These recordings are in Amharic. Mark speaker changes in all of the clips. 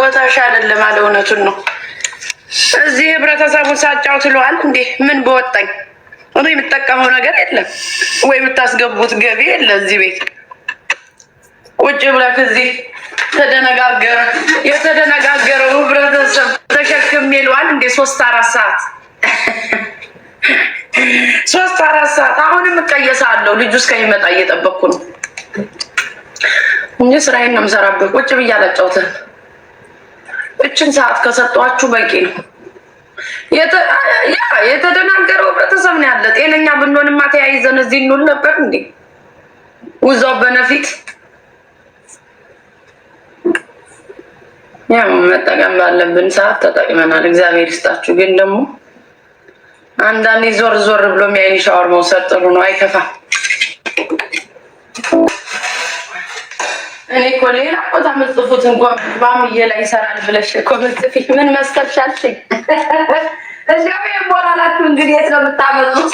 Speaker 1: ቦታሽ አይደለም አለ። እውነቱን ነው። እዚህ ህብረተሰቡን ሳጫውት ትለዋል እንዴ? ምን በወጣኝ እኔ የምጠቀመው ነገር የለም ወይ የምታስገቡት ገቢ የለ። እዚህ ቤት ቁጭ ብለህ እዚህ ተደነጋገረ የተደነጋገረው ህብረተሰብ ተሸክም ይለዋል እንዴ? ሶስት አራት ሰዓት ሶስት አራት ሰዓት አሁንም እቀየሳለሁ። ልጁ እስከሚመጣ እየጠበቅኩ ነው እንጂ ስራዬን ነው የምሰራበት። ቁጭ ብዬ አላጫውትም። እችን ሰዓት ከሰጧችሁ በቂ ነው። የተደናገረው ህብረተሰብ ነው ያለ። ጤነኛ ብንሆንማ ተያይዘን እዚህ እንውል ነበር እንዴ? ውዛው በነፊት ያው መጠቀም ባለብን ሰዓት ተጠቅመናል። እግዚአብሔር ይስጣችሁ። ግን ደግሞ አንዳንዴ ዞር ዞር ብሎ የሚያይን ሻወር መውሰድ ጥሩ ነው። አይከፋም። እኮ ሌላ ቦታ የምጽፉት እንኳን ማምዬ ላይ ይሰራል ብለሽ እኮ መጽፊ ምን መስከብሻልሽኝ? እዚያው የሞራላችሁ እንግዲህ የት ነው የምታመጡት?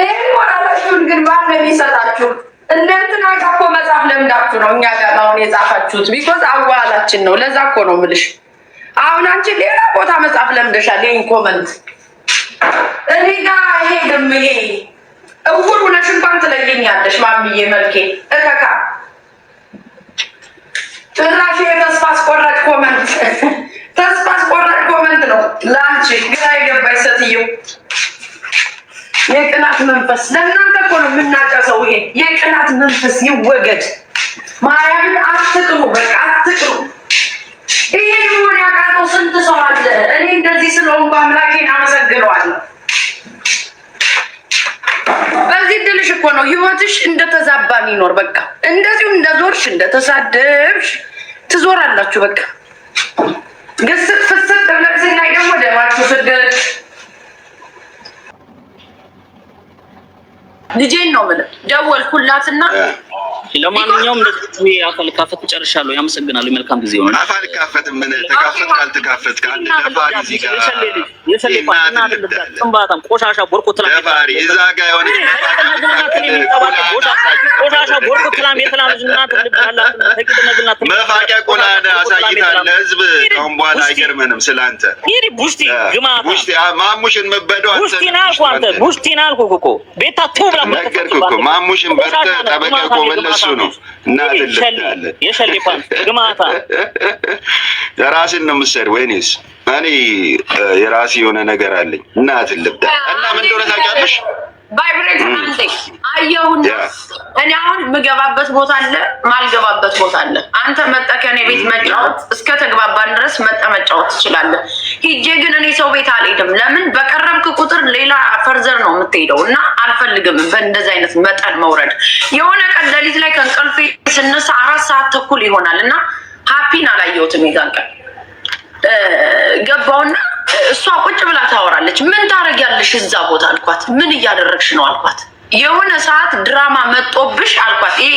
Speaker 1: ይህ ሞራላችሁን ግን ማን ነው የሚሰጣችሁ? እነንትና ጋር እኮ መጽሐፍ ለምዳችሁ ነው እኛ ጋር አሁን የጻፋችሁት። ቢኮዝ አዋላችን ነው። ለዛ እኮ ነው ምልሽ። አሁን አንቺ ሌላ ቦታ መጽሐፍ ለምደሻል። ይህን ኮመንት እኔ ጋር ይሄ ድም ይሄ እውር ሁነሽ እንኳን ትለየኛለሽ ማምዬ መልኬ እከካ ጭራሽ የተስፋ አስቆራጭ ኮመንት ተስፋ አስቆራጭ ኮመንት ነው ለአንቺ ግራ የገባች ሴትዮ። የቅናት መንፈስ ለእናንተ እኮ ነው የምናጨሰው። ይሄ የቅናት መንፈስ ይወገድ። ማርያምን አትቅሩ፣ በቃ አትቅሩ። ይሄን ሆን ያቃተው ስንት ሰው አለ። እኔ እንደዚህ ስለሆንኩ አምላኬን አመሰግነዋለሁ። ህይወትሽ እኮ ነው። ህይወትሽ እንደተዛባ የሚኖር በቃ እንደዚሁ እንደዞርሽ እንደተሳደብሽ ትዞራላችሁ። በቃ ግስጥ ፍስጥ ብለህ ስናይ ደግሞ ደማችሁ ስደት ልጄን ነው የምልህ። ደወልኩላትና
Speaker 2: ለማንኛውም እንደዚህ አካል ካፈት ጨርሻለሁ። ያመሰግናለሁ። መልካም ጊዜ ይሆናል።
Speaker 3: አካል ካፈት ምን ተካፈት ካልተካፈት ካለ
Speaker 2: ደፋሪ እዚህ ጋር ጥንባታም ቆሻሻ ቦርኮ ትላም
Speaker 3: እዛ ጋር የሆነ
Speaker 2: ቆሻሻ ቦርኮ ትላም የተላምዝ
Speaker 3: እናት መፋቂያ ቆላዳ አሳይታል ለህዝብ። ካሁን በኋላ አይገርመንም ስላንተ
Speaker 2: ይሄ ቡሽቲ ግማታ
Speaker 3: ቡሽቲ ማሙሽን መበደው
Speaker 2: አንተ ቡሽቲና አልኩ አንተ ቡሽቲና አልኩ እኮ ቤታ ቱ
Speaker 3: ነገርኩ እኮ ማሙሽን በርተ ጠበቀ ቆመለ እሱ ነው እና ትልታለ
Speaker 2: የሸሊፋን ግማታ
Speaker 3: ራስን ነው የምትሰድ ወይኔስ እኔ የራሴ የሆነ ነገር አለኝ እና ትልብዳ እና ምን እንደሆነ ታውቂያለሽ
Speaker 1: ቫይብሬተር hmm. አለኝ አየሁና፣ እኔ አሁን የምገባበት ቦታ አለ፣ ማልገባበት ቦታ አለ። አንተ መጣ ከኔ ቤት መጫወት እስከ ተግባባን ድረስ መጣ መጫወት ትችላለህ። ሂጄ ግን እኔ ሰው ቤት አልሄድም። ለምን በቀረብክ ቁጥር ሌላ ፈርዘር ነው የምትሄደው፣ እና አልፈልግም በእንደዚህ አይነት መጠን መውረድ። የሆነ ቀን ሌሊት ላይ ከእንቅልፌ ስነሳ አራት ሰዓት ተኩል ይሆናል እና ሀፒን አላየሁትም። ይዛን ቀን ገባውና እሷ ቁጭ ብላ ታወራለች። ምን ታደርጊያለሽ እዛ ቦታ አልኳት። ምን እያደረግሽ ነው አልኳት። የሆነ ሰዓት ድራማ መጦብሽ አልኳት። ይሄ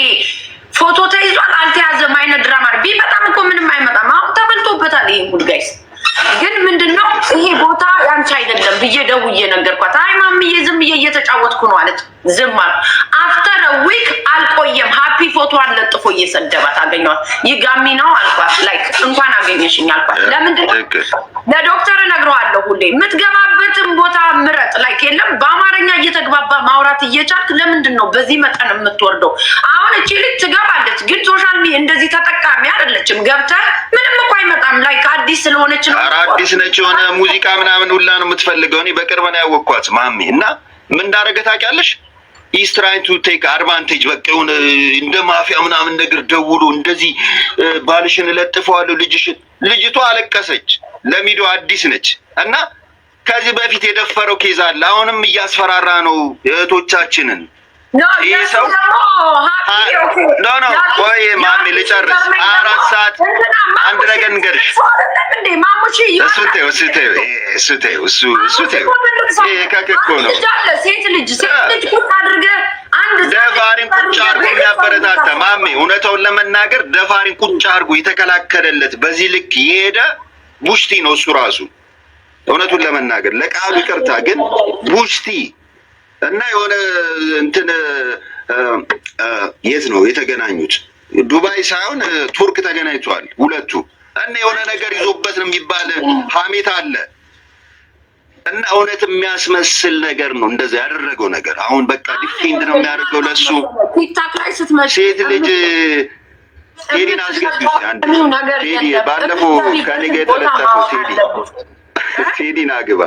Speaker 1: ፎቶ ተይዟል አልተያዘም አይነት ድራማ ቢመጣም እኮ ምንም አይመጣም። አሁን ተበልቶበታል ይሄ ሙድ ግን ምንድን ነው ይሄ ቦታ ያንቺ አይደለም ብዬ ደውዬ ነገርኳት። አይ ማምዬ ዝም ብዬ እየተጫወትኩ ነው አለች። ዝም አልኩ። ዊክ አልቆየም ሀፒ ፎቶዋን ለጥፎ እየሰደባት አገኘዋት። ይህ ጋሚ ነው አልኳት። ላይክ እንኳን አገኘሽኝ አልኳት። ለምንድን ለዶክተር እነግረዋለሁ ሁሌ የምትገባበትን ቦታ ምረጥ። ላይክ የለም በአማርኛ እየተግባባ ማውራት እየቻልክ ለምንድን ነው በዚህ መጠን የምትወርደው? አሁን እቺ ልጅ ትገባለች፣ ግን ሶሻል ሚዲያ እንደዚህ ተጠቃሚ አይደለችም። ገብተህ ምንም እኮ አይመጣም። ላይክ አዲስ ስለሆነች ነው።
Speaker 3: አዲስ ነች። የሆነ ሙዚቃ ምናምን ሁላ ነው የምትፈልገው። እኔ በቅርብ ነው ያወቅኳት ማሜ እና ምን እንዳደረገ ታውቂያለሽ? ኢስ ትራይን ቱ ቴክ አድቫንቴጅ በቃ የሆነ እንደ ማፊያ ምናምን ነገር ደውሎ እንደዚህ ባልሽን እለጥፈዋለሁ ልጅሽን። ልጅቷ አለቀሰች። ለሚዲያ አዲስ ነች እና ከዚህ በፊት የደፈረው ኬዝ አለ። አሁንም እያስፈራራ ነው እህቶቻችንን። ይህ ሰው ኖ ኖ፣ ቆይ ማሜ ልጨርስ። አራት ሰዓት አንድ ነገር ንገርሽ እንዴ ማሙሽ ሴት ልጅ ሴት
Speaker 1: ልጅ ቁጭ አድርገ
Speaker 3: ደፋሪን ቁጭ አርጎ የሚያበረታታ ማሜ፣ እውነታውን ለመናገር ደፋሪን ቁጭ አድርጎ የተከላከለለት በዚህ ልክ የሄደ ቡሽቲ ነው እሱ ራሱ። እውነቱን ለመናገር ለቃሉ ይቅርታ፣ ግን ቡሽቲ እና የሆነ እንትን የት ነው የተገናኙት? ዱባይ ሳይሆን ቱርክ ተገናኝቷል ሁለቱ እና የሆነ ነገር ይዞበት ነው የሚባል ሀሜት አለ እና እውነት የሚያስመስል ነገር ነው እንደዛ ያደረገው ነገር። አሁን በቃ ዲፌንድ ነው የሚያደርገው ለሱ ሴት ልጅ ቴዲን አስገቢ ቴዲ ባለፈው ከኔ ጋ የተለጠፈው ቴዲ ቴዲን አግባ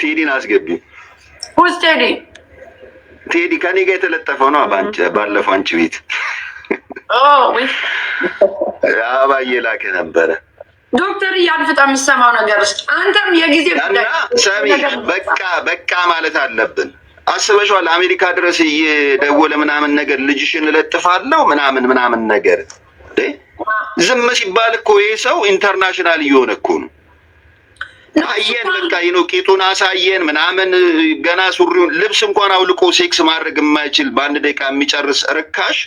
Speaker 3: ቴዲን አስገቢ ቴዲ ከኔ ጋ የተለጠፈው ነው ባለፈው አንቺ ቤት አባዬ ላከ ነበረ
Speaker 1: ዶክተር ያልፍጣ የሚሰማው ነገር ውስጥ አንተም የጊዜ
Speaker 3: ሰሚ በቃ በቃ ማለት አለብን። አስበሽዋል? አሜሪካ ድረስ እየደወለ ምናምን ነገር ልጅሽን እለጥፋለሁ ምናምን ምናምን ነገር ዝም ሲባል እኮ ይሄ ሰው ኢንተርናሽናል እየሆነ እኮ ነው። አየን በቃ ይኖ ቂጡን አሳየን ምናምን ገና ሱሪውን ልብስ እንኳን አውልቆ ሴክስ ማድረግ የማይችል በአንድ ደቂቃ የሚጨርስ ርካሽ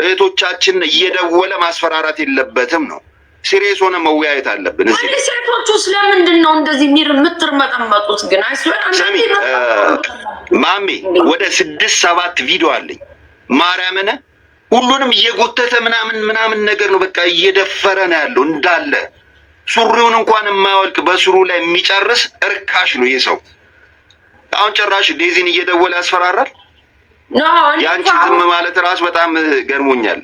Speaker 3: እህቶቻችን እየደወለ ማስፈራራት የለበትም ነው። ሲሪየስ ሆነ መወያየት አለብን።
Speaker 1: እዚህ ሴቶቹ ስለምንድን ነው እንደዚህ ሚር ምትር ግን
Speaker 3: ስሚ ማሜ፣ ወደ ስድስት ሰባት ቪዲዮ አለኝ ማርያምን፣ ሁሉንም እየጎተተ ምናምን ምናምን ነገር ነው በቃ እየደፈረ ነው ያለው እንዳለ ሱሪውን እንኳን የማያወልቅ በስሩ ላይ የሚጨርስ እርካሽ ነው ይህ ሰው። አሁን ጭራሽ ዴዚን እየደወለ ያስፈራራል። ያንቺ ዝም ማለት ራሱ በጣም ገርሞኛል።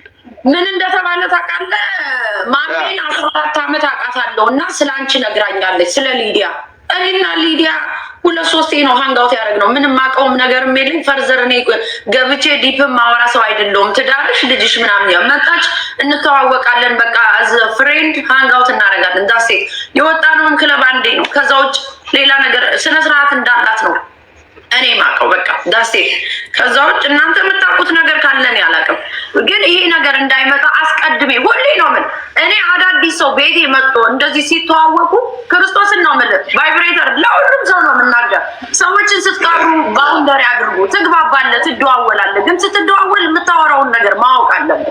Speaker 1: ምን እንደተባለ ታውቃለህ? ማሜን አስራ አራት ዓመት አውቃታለሁ እና ስለ አንቺ ነግራኛለች፣ ስለ ሊዲያ። እኔና ሊዲያ ሁለት ሶስቴ ነው ሀንጋውት ነው። ምንም አውቀውም ነገርም የለኝ። ፈርዘር እኔ ገብቼ ዲፕም ማወራ ሰው አይደለሁም። ትዳርሽ፣ ልጅሽ ምናምን ያው መጣች፣ እንተዋወቃለን። በቃ አዝ ፍሬንድ ሀንጋውት እናደርጋለን። ዳሴ የወጣነውን ክለብ አንዴ ነው። ከዛ ውጭ ሌላ ነገር ስነስርዓት እንዳላት ነው እኔ ማቀው በቃ ዳሴ። ከዛ ውጭ እናንተ የምታውቁት ነገር ካለን ያላቅም። ግን ይሄ ነገር እንዳይመጣ አስቀድሜ ሁሌ ነው ምን እኔ አዳዲስ ሰው ቤቴ መጥቶ እንደዚህ ሲተዋወቁ ክርስቶስን ነው ምን ቫይብሬተር ለሁሉም ሰው ነው የምናገር። ሰዎችን ስትቀሩ ባውንደሪ አድርጉ። ትግባባለ፣ ትደዋወላለ። ግን ስትደዋወል የምታወራውን ነገር ማወቅ አለብን።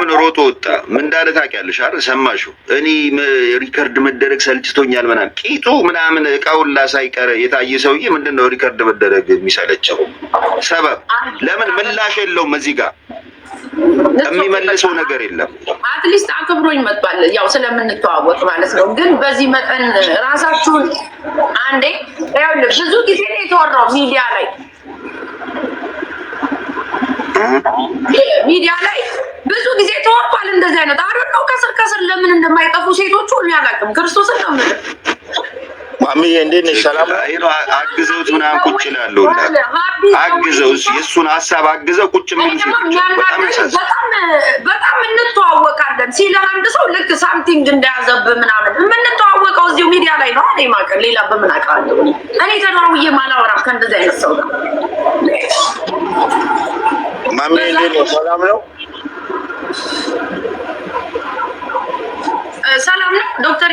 Speaker 3: ምናምን ሮጦ ወጣ። ምን እንዳለ ታውቂያለሽ? አረ ሰማሽው? እኔ ሪከርድ መደረግ ሰልችቶኛል ምናምን ቂጡ ምናምን እቃውላ ሳይቀር የታየ ሰውዬ ምንድን ነው ሪከርድ መደረግ የሚሰለቸው ሰበብ? ለምን ምላሽ የለውም እዚህ ጋር የሚመልሰው ነገር የለም።
Speaker 1: አትሊስት አክብሮኝ መጥቷል፣ ያው ስለምንተዋወቅ ማለት ነው። ግን በዚህ መጠን ራሳችሁን አንዴ ያው ብዙ ጊዜ ነው የተወራው ሚዲያ ላይ ሚዲያ ላይ ብዙ ጊዜ ተወርቷል። እንደዚህ አይነት አረ ነው ከስር ከስር ለምን እንደማይጠፉ ሴቶቹ እኔ አላውቅም። ክርስቶስ ነው የምልህ።
Speaker 3: ማሚዬ እንዴት ነሽ? ሰላም አግዘውት ምናምን ቁጭ ይላሉ። አግዘው የእሱን ሀሳብ አግዘው ቁጭ ምን
Speaker 1: ሴቶች በጣም እንተዋወቃለን ሲል አንድ ሰው ልክ ሳምቲንግ እንደያዘብ ምናምን የምንተዋወቀው እዚሁ ሚዲያ ላይ ነው። እኔ ማቀ ሌላ በምን አውቃለሁ? እኔ ተደዋውዬ ማላወራም ከእንደዚህ አይነት ሰው ጋር።
Speaker 3: ማሚዬ እንዴት ነው? ሰላም ነው
Speaker 1: ሰላም ነው ዶክተር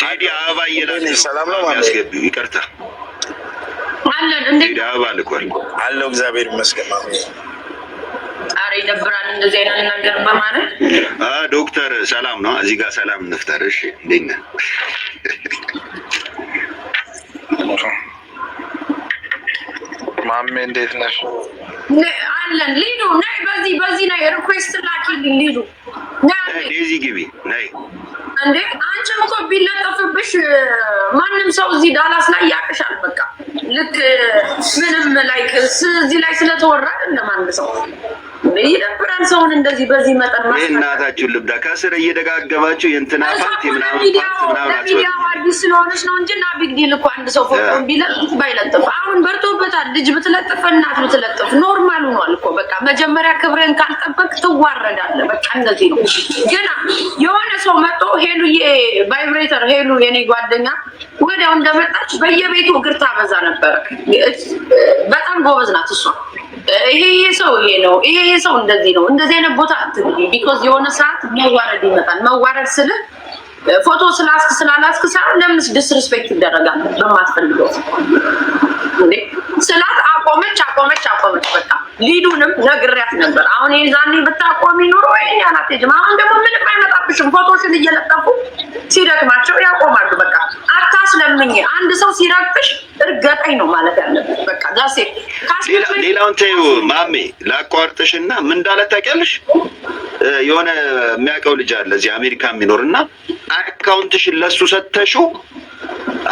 Speaker 3: ቴዲ አበባ እየላለ ሰላም ነው ማለት ያስገቢ ይቅርታ አለን እንዴ አበባ ልኳል አለው እግዚአብሔር ይመስገን
Speaker 1: ኧረ ይደብራል እንደዚህ አይነት ነገር በማለት
Speaker 3: ዶክተር ሰላም ነው እዚህ ጋር ሰላም እንፍጠር እሺ እንዴት ነህ ማሜ እንዴት ነሽ
Speaker 1: አለን ሊዱ ነይ፣ በዚህ በዚህ ነይ፣ ሪኩዌስት ላኪልኝ ሊዱ
Speaker 3: ዚ ግቢ ነይ።
Speaker 1: እንዴ አንቺም እኮ ቢለጠፍብሽ ማንም ሰው እዚህ ዳላስ ላይ ያቅሻል። በቃ ልክ ምንም ላይ እዚህ ላይ ስለተወራ እንደማንም ሰው ይደብራል። ሰውን እንደዚህ በዚህ መጠን ማ
Speaker 3: እናታችሁን ልብዳ ከስር እየደጋገማችሁ የእንትና ፓርቲ
Speaker 1: ምናምናሚዲያው አዲስ ስለሆነች ነው እንጂ እና ቢግዲል እኮ አንድ ሰው ፎቶ ቢለጥፍ ባይለጥፍ አሁን በርቶበታል። ልጅ ብትለጥፍ እናት ብትለጥፍ ኖርማል ሆኗል እኮ በቃ። መጀመሪያ ክብሬን ካልጠበቅ ትዋረዳለ። በቃ እነዚህ ነው። ግን የሆነ ሰው መጥቶ ሄሉ ቫይብሬተር ሄሉ የኔ ጓደኛ ወዲያው እንደመጣች በየቤቱ እግር ታበዛ ነበረ። በጣም ጎበዝ ናት እሷ። ይሄ ሰው ይሄ ነው፣ ይሄ ሰው እንደዚህ ነው፣ እንደዚህ አይነት ቦታ አትግቢ። ቢኮዝ የሆነ ሰዓት መዋረድ ይመጣል። መዋረድ ስል ፎቶ ስላስክ ስላላስክ ሳይሆን ለምን ዲስሪስፔክት ይደረጋል በማትፈልገው እንዴ ስላት አቆመች አቆመች አቆመች። በቃ ሊዱንም ነግሬያት ነበር። አሁን የዛኔ ብታቆሚ ኑሮ ይሄን ያላት አሁን ደግሞ ምንም አይመጣብሽም። ፎቶሽን እየለጠፉ ሲደክማቸው ያቆማሉ። በቃ አታስለምኝ። አንድ ሰው ሲረግፍሽ እርገ ዘጠኝ ነው ማለት ያለበት። በቃ ዛሴ
Speaker 3: ሌላውን ተይው ማሜ፣ ላቋርጥሽ እና ምን እንዳለ ታውቂያለሽ? የሆነ የሚያውቀው ልጅ አለ እዚህ አሜሪካ የሚኖር እና አካውንትሽን ለሱ ሰተሽው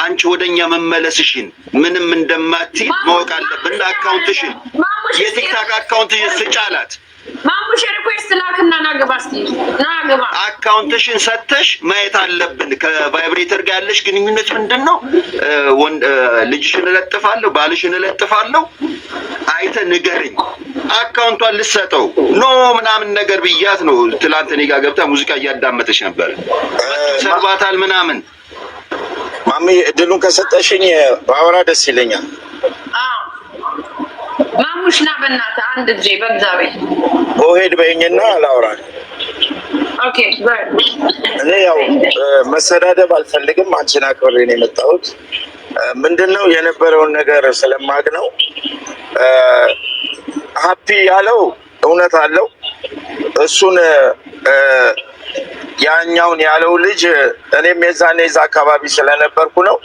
Speaker 3: አንቺ ወደኛ መመለስሽን ምንም እንደማትይ ማወቅ አለብን። አካውንትሽን የቲክታክ አካውንትሽን ስጫላት
Speaker 1: ማሙሽ ሪኩዌስት ላክና ናግባ እስኪ ናግባ።
Speaker 3: አካውንትሽን ሰተሽ ማየት አለብን። ከቫይብሬተር ጋር ያለሽ ግንኙነት ምንድን ነው? ልጅሽን እለጥፋለሁ፣ ባልሽን እለጥፋለሁ፣ አይተ ንገርኝ። አካውንቷን ልሰጠው ኖ ምናምን ነገር ብያት ነው። ትላንት እኔ ገብታ ሙዚቃ እያዳመጠች ነበር። ሰርባታል ምናምን። ማሚ እድሉን ከሰጠሽኝ ባወራ ደስ ይለኛል።
Speaker 1: ና በእናትህ አንድ ጊዜ በእግዚአብሔር
Speaker 3: ኦሄድ በይኝና አላውራ። ኦኬ እኔ ያው መሰዳደብ አልፈልግም። አንቺን አክብሬ ነው የመጣሁት። ምንድነው የነበረውን ነገር ስለማቅ ነው። ሀፒ ያለው እውነት አለው። እሱን ያኛውን ያለው ልጅ እኔም የዛኔ የዛ አካባቢ ስለነበርኩ ነው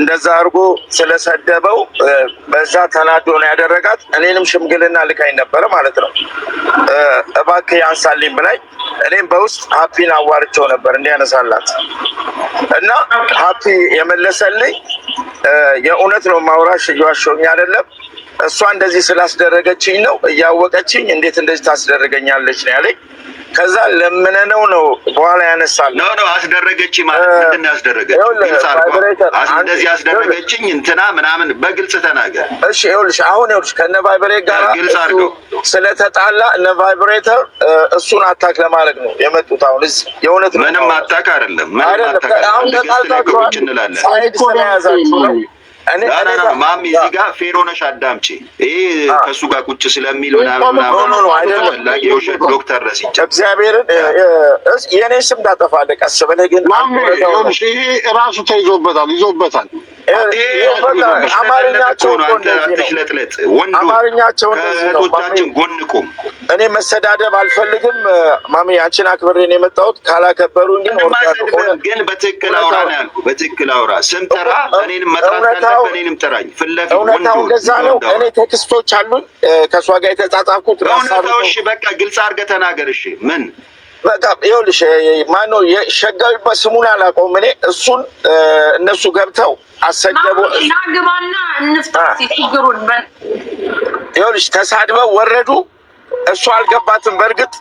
Speaker 3: እንደዛ አድርጎ ስለሰደበው በዛ ተናዶ ነው ያደረጋት። እኔንም ሽምግልና ልካኝ ነበረ ማለት ነው። እባክህ ያንሳልኝ ብላኝ እኔም በውስጥ ሀፒን አዋርቸው ነበር እንዲያነሳላት እና ሀፒ የመለሰልኝ የእውነት ነው ማውራሽ እየዋሸሁኝ አይደለም እሷ እንደዚህ ስላስደረገችኝ ነው እያወቀችኝ እንዴት እንደዚህ ታስደረገኛለች ነው ያለኝ። ከዛ ለምነነው ነው በኋላ ያነሳል ነው ነው አስደረገች ማለት ምንድን ነው ያስደረገች እንደዚህ አስደረገችኝ እንትና ምናምን በግልጽ ተናገር እሺ ይኸውልሽ አሁን ይኸውልሽ ከነ ቫይብሬት ጋር ግልጽ አድርገው ስለተጣላ እነ ቫይብሬተር እሱን አታክ ለማድረግ ነው የመጡት አሁን እዚህ የእውነት ምንም አታክ አይደለም ምንም አታክ አይደለም አሁን ተጣልታችኋል
Speaker 1: ሳይኮ ነው የያዛችሁ ነው
Speaker 3: ማሚ እዚህ ጋር ፌር ሆነሽ አዳምጪ። ይሄ ከእሱ ጋር ቁጭ ስለሚል ምናምን ዶክተር ረሲጫ እግዚአብሔርን የእኔ ስም እንዳጠፋለህ ቀስ ብለህ ግን ይሄ ራሱ ተይዞበታል ይዞበታል አማርኛቸው ከእህቶቻችን ጎን ቁም። እኔ መሰዳደብ አልፈልግም። ማሚ አንቺን አክብሬ የመጣሁት። ካላከበሩ ግን በትክክል አውራ ነው ያልኩህ። በትክክል አውራ ስም እኔንም መጥራት እኔንም ጥራኝ። እውነታው እንደዛ ነው። እኔ ቴክስቶች አሉኝ ከእሷ ጋር የተጻጻፍኩት። እሺ፣ በቃ ግልጽ አድርገህ ተናገር። እሺ ምን በቃ ይኸውልሽ፣ ማነው ሸጋው ስሙን አላውቀውም እኔ እሱን እነሱ ገብተው አሰደቡ።
Speaker 1: ናግባና እንፍታ ችግሩን
Speaker 3: ይኸውልሽ፣ ተሳድበው ወረዱ። እሱ አልገባትም በእርግጥ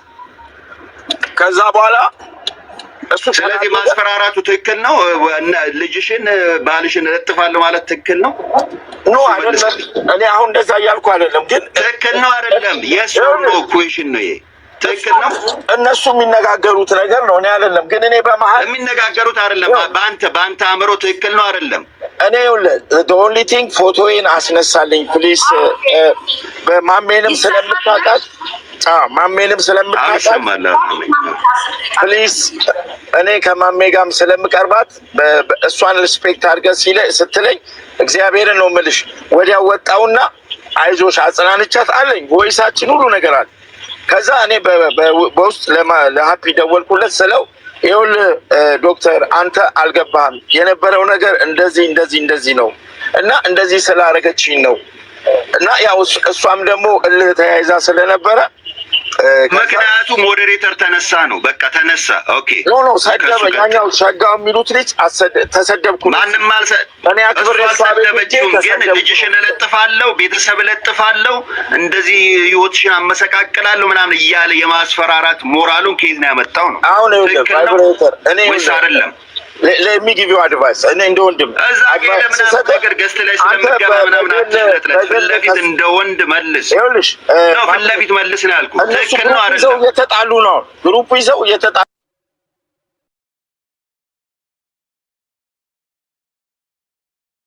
Speaker 3: ከዛ በኋላ እሱ ስለዚህ ማስፈራራቱ ትክክል ነው። ልጅሽን ባልሽን እለጥፋለሁ ማለት ትክክል ነው ኖ አይደለም። እኔ አሁን እንደዛ እያልኩ አይደለም፣ ግን ትክክል ነው አይደለም። የሱ ነው ኩዌሽን ነው ይሄ ትክክል ነው። እነሱ የሚነጋገሩት ነገር ነው፣ እኔ አይደለም። ግን እኔ በመሀል የሚነጋገሩት አይደለም። በአንተ በአንተ አእምሮ ትክክል ነው አይደለም። እኔ ኦንሊ ቲንግ ፎቶዬን አስነሳልኝ ፕሊስ። ማሜንም ስለምታውቃት ማሜንም ስለምታውቃት ፕሊስ። እኔ ከማሜ ጋርም ስለምቀርባት እሷን ሪስፔክት አድርገህ ስትለኝ እግዚአብሔርን ነው የምልሽ። ወዲያ ወጣውና አይዞሽ አጽናንቻት አለኝ። ወይሳችን ሁሉ ነገር አለ ከዛ እኔ በውስጥ ለሀፒ ደወልኩለት ስለው ይኸውልህ ዶክተር አንተ አልገባህም፣ የነበረው ነገር እንደዚህ እንደዚህ እንደዚህ ነው እና እንደዚህ ስላረገችኝ ነው እና ያው እሷም ደግሞ እልህ ተያይዛ ስለነበረ ምክንያቱም ሞዴሬተር ተነሳ ነው። በቃ ተነሳ። ኦኬ ኖ ኖ ሰደበ። ያኛው ሸጋው የሚሉት ልጅ ተሰደብኩ። ማንም አልሰ እኔ አክብር አልሰደበችም፣ ግን ልጅሽን እለጥፋለሁ፣ ቤተሰብ እለጥፋለሁ፣ እንደዚህ ህይወትሽን አመሰቃቅላለሁ ምናምን እያለ የማስፈራራት ሞራሉን ከየት ነው ያመጣው? ነው አሁን ሬተር እኔ ወይስ አይደለም ለሚግቢው አድቫይስ እኔ እንደ ወንድም እዛ ነው፣ ፊት ትክክል ነው። ይዘው እየተጣሉ ነው። ግሩፕ ይዘው እየተጣሉ